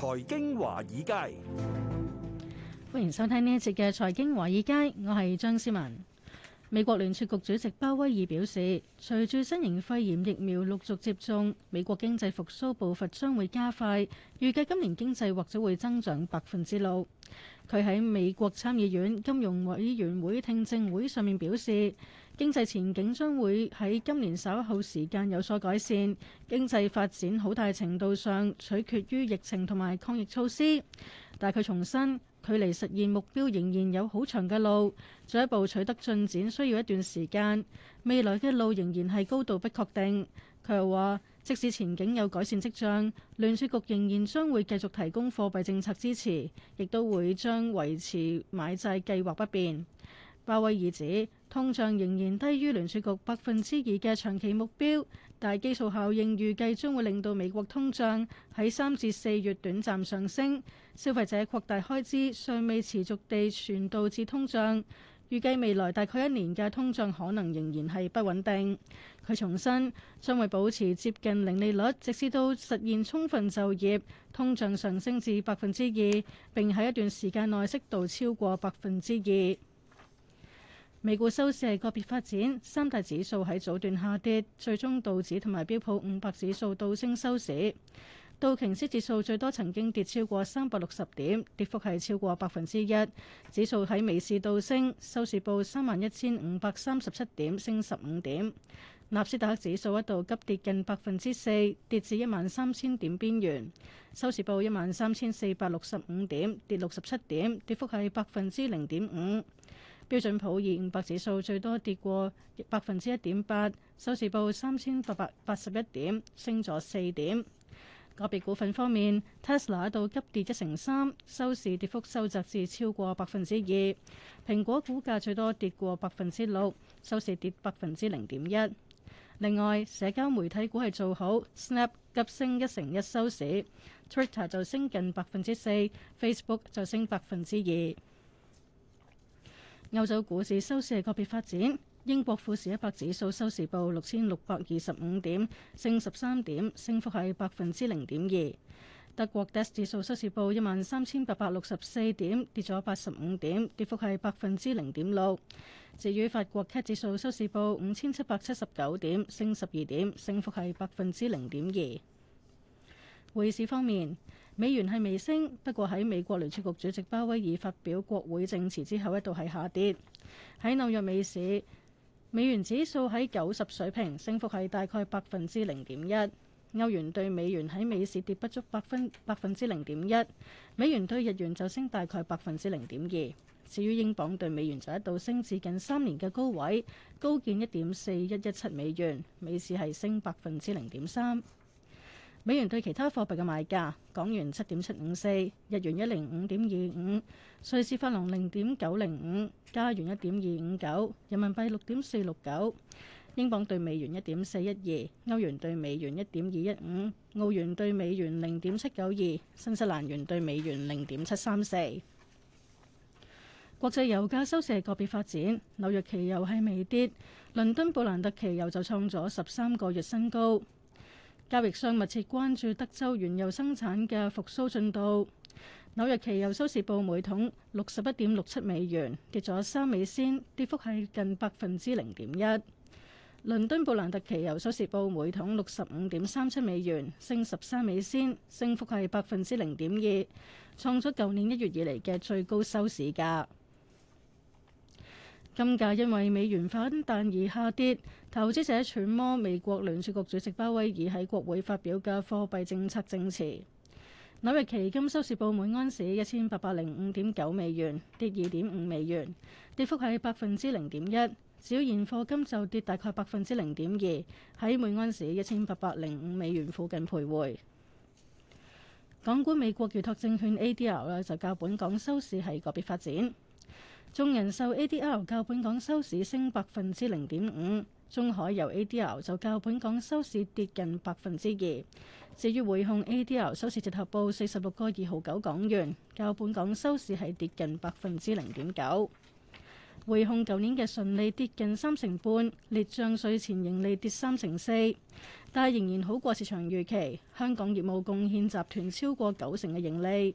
財經華爾街，歡迎收聽呢一節嘅財經華爾街，我係張思文。美國聯儲局主席鮑威爾表示，隨住新型肺炎疫苗陸續接種，美國經濟復甦步伐將會加快，預計今年經濟或者會增長百分之六。佢喺美國參議院金融委員會聽證會上面表示，經濟前景將會喺今年稍後時間有所改善，經濟發展好大程度上取決於疫情同埋抗疫措施。但佢重申，距離實現目標仍然有好長嘅路，進一步取得進展需要一段時間。未來嘅路仍然係高度不確定。佢又話，即使前景有改善跡象，聯儲局仍然將會繼續提供貨幣政策支持，亦都會將維持買債計劃不變。鮑威爾指通脹仍然低於聯儲局百分之二嘅長期目標，但係基數效應預計將會令到美國通脹喺三至四月短暫上升。消費者擴大開支尚未持續地傳導至通脹，預計未來大概一年嘅通脹可能仍然係不穩定。佢重申將會保持接近零利率，直至到實現充分就業、通脹上升至百分之二，並喺一段時間內適度超過百分之二。美股收市係個別發展，三大指數喺早段下跌，最終道指同埋標普五百指數倒升收市。道瓊斯指數最多曾經跌超過三百六十點，跌幅係超過百分之一。指數喺尾市倒升，收市報三萬一千五百三十七點，升十五點。納斯達克指數一度急跌近百分之四，跌至一萬三千點邊緣，收市報一萬三千四百六十五點，跌六十七點，跌幅係百分之零點五。標準普爾五百指數最多跌過百分之一點八，收市報三千八百八十一點，升咗四點。個別股份方面，Tesla 一度急跌一成三，收市跌幅收窄至超過百分之二。蘋果股價最多跌過百分之六，收市跌百分之零點一。另外，社交媒體股係做好，Snap 急升一成一收市，Twitter 就升近百分之四，Facebook 就升百分之二。歐洲股市收市係個別發展，英國富時一百指數收市報六千六百二十五點，升十三點，升幅係百分之零點二。德國 DAX 指數收市報一萬三千八百六十四點，跌咗八十五點，跌幅係百分之零點六。至於法國 CAC 指數收市報五千七百七十九點，升十二點，升幅係百分之零點二。匯市方面。美元係未升，不過喺美國聯儲局主席鮑威爾發表國會證詞之後，一度係下跌。喺紐約美市，美元指數喺九十水平，升幅係大概百分之零點一。歐元兌美元喺美市跌不足百分百分之零點一。美元兌日元就升大概百分之零點二。至於英鎊兌美元就一度升至近三年嘅高位，高見一點四一一七美元，美市係升百分之零點三。美元對其他貨幣嘅賣價：港元七點七五四，日元一零五點二五，瑞士法郎零點九零五，加元一點二五九，人民幣六點四六九，英鎊對美元一點四一二，歐元對美元一點二一五，澳元對美元零點七九二，新西蘭元對美元零點七三四。國際油價收市係個別發展，紐約期油係微跌，倫敦布蘭特期油就創咗十三個月新高。交易商密切關注德州原油生產嘅復甦進度。紐約期油收市報每桶六十一點六七美元，跌咗三美仙，跌幅係近百分之零點一。倫敦布蘭特期油收市報每桶六十五點三七美元，升十三美仙，升幅係百分之零點二，創出舊年一月以嚟嘅最高收市價。金價因為美元反彈而下跌，投資者揣摩美國聯儲局主席鮑威爾喺國會發表嘅貨幣政策證詞。紐約期金收市報每安士一千八百零五點九美元，跌二點五美元，跌幅係百分之零點一。只要現貨金就跌大概百分之零點二，喺每安士一千八百零五美元附近徘徊。港股美國預託證券 ADR 咧就較本港收市係個別發展。眾人壽 ADR 較本港收市升百分之零點五，中海油 ADR 就較本港收市跌近百分之二。至於匯控 ADR 收市直頭報四十六個二毫九港元，較本港收市係跌近百分之零點九。匯控舊年嘅純利跌近三成半，列賬稅前盈利跌三成四，但係仍然好過市場預期，香港業務貢獻集團超過九成嘅盈利。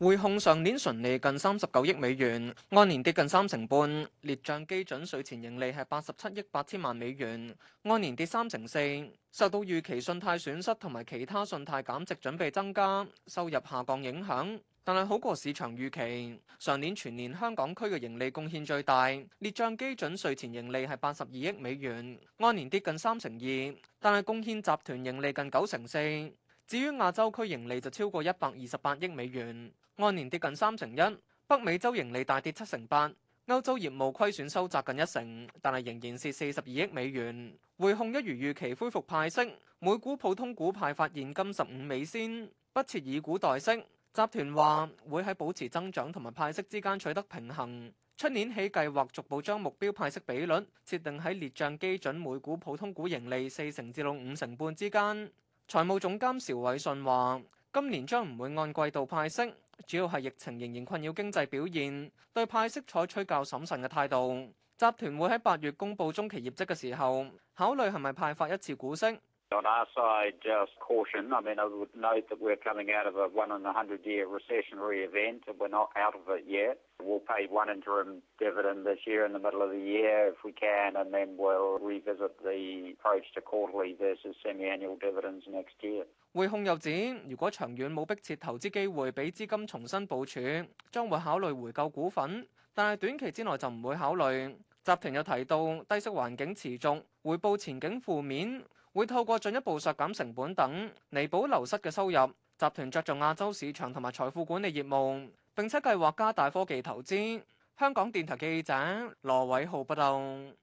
匯控上年純利近三十九億美元，按年跌近三成半。列賬基準稅前盈利係八十七億八千萬美元，按年跌三成四，受到預期信貸損失同埋其他信貸減值準備增加、收入下降影響，但係好過市場預期。上年全年香港區嘅盈利貢獻最大，列賬基準稅前盈利係八十二億美元，按年跌近三成二，但係貢獻集團盈利近九成四。至於亞洲區盈利就超過一百二十八億美元。按年跌近三成一，北美洲盈利大跌七成八，歐洲業務虧損收窄近一成，但係仍然是四十二億美元。匯控一如預期恢復派息，每股普通股派發現金十五美仙，不設以股代息。集團話會喺保持增長同埋派息之間取得平衡，出年起計劃逐步將目標派息比率設定喺列賬基準每股普通股盈利四成至到五成半之間。財務總監邵偉信話：今年將唔會按季度派息。主要係疫情仍然困擾經濟表現，對派息採取較審慎嘅態度。集團會喺八月公佈中期業績嘅時候，考慮係咪派發一次股息。匯控又指，如果長遠冇迫切投資機會，俾資金重新部署，將會考慮回購股份，但係短期之內就唔會考慮。集團又提到，低息環境持續，回報前景負面，會透過進一步削減成本等彌補流失嘅收入。集團着重亞洲市場同埋財富管理業務，並且計劃加大科技投資。香港電台記者羅偉浩報道。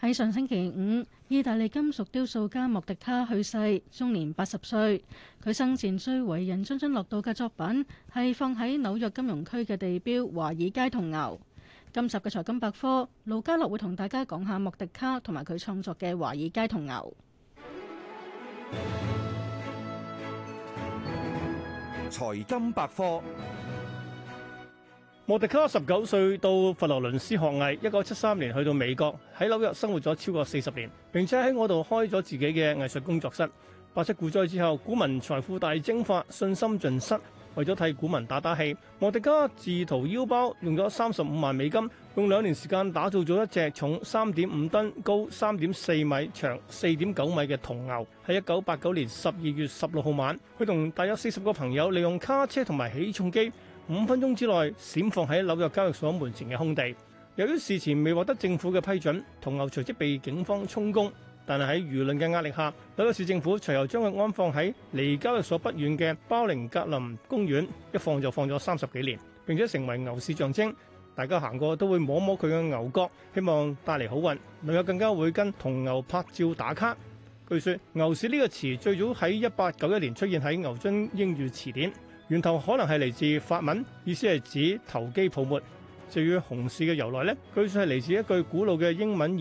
喺上星期五，意大利金屬雕塑家莫迪卡去世，終年八十歲。佢生前最為人津津樂道嘅作品係放喺紐約金融區嘅地標華爾街銅牛。今集嘅財金百科，盧嘉樂會同大家講下莫迪卡同埋佢創作嘅華爾街銅牛。財金百科。莫迪卡十九歲到佛羅倫斯學藝，一九七三年去到美國，喺紐約生活咗超過四十年，並且喺嗰度開咗自己嘅藝術工作室。八七股災之後，股民財富大蒸發，信心盡失，為咗替股民打打氣，莫迪卡自掏腰包，用咗三十五萬美金，用兩年時間打造咗一隻重三點五噸、高三點四米、長四點九米嘅銅牛。喺一九八九年十二月十六號晚，佢同大約四十個朋友利用卡車同埋起重機，五分鐘之內閃放喺紐約交易所門前嘅空地，由於事前未獲得政府嘅批准，銅牛隨即被警方充公。但係喺輿論嘅壓力下，紐約市政府隨後將佢安放喺離交易所不遠嘅包寧格林公園，一放就放咗三十幾年，並且成為牛市象徵。大家行過都會摸摸佢嘅牛角，希望帶嚟好運。旅遊更加會跟銅牛拍照打卡。據說，牛市呢個詞最早喺一八九一年出現喺牛津英語詞典。源頭可能係嚟自法文，意思係指投機泡沫。至於熊市嘅由來咧，據說係嚟自一句古老嘅英文諺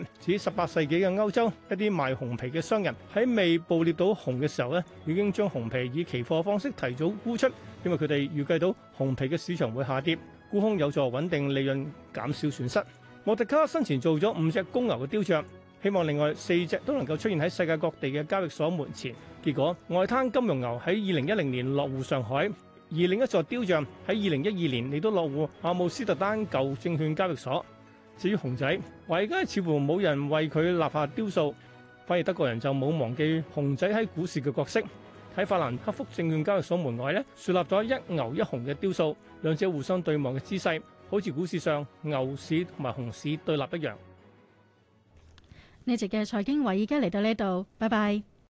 語，指十八世紀嘅歐洲，一啲賣熊皮嘅商人喺未捕獵到熊嘅時候咧，已經將熊皮以期貨方式提早沽出，因為佢哋預計到熊皮嘅市場會下跌，沽空有助穩定利潤，減少損失。莫迪卡生前做咗五隻公牛嘅雕像。希望另外四隻都能夠出現喺世界各地嘅交易所門前。結果，外灘金融牛喺二零一零年落戶上海，而另一座雕像喺二零一二年亦都落戶阿姆斯特丹舊證券交易所。至於熊仔，而家似乎冇人為佢立下雕塑，反而德國人就冇忘記熊仔喺股市嘅角色。喺法蘭克福證券交易所門外咧，樹立咗一牛一熊嘅雕塑，兩者互相對望嘅姿勢，好似股市上牛市同埋熊市對立一樣。呢集嘅財經華，而家嚟到呢度，拜拜。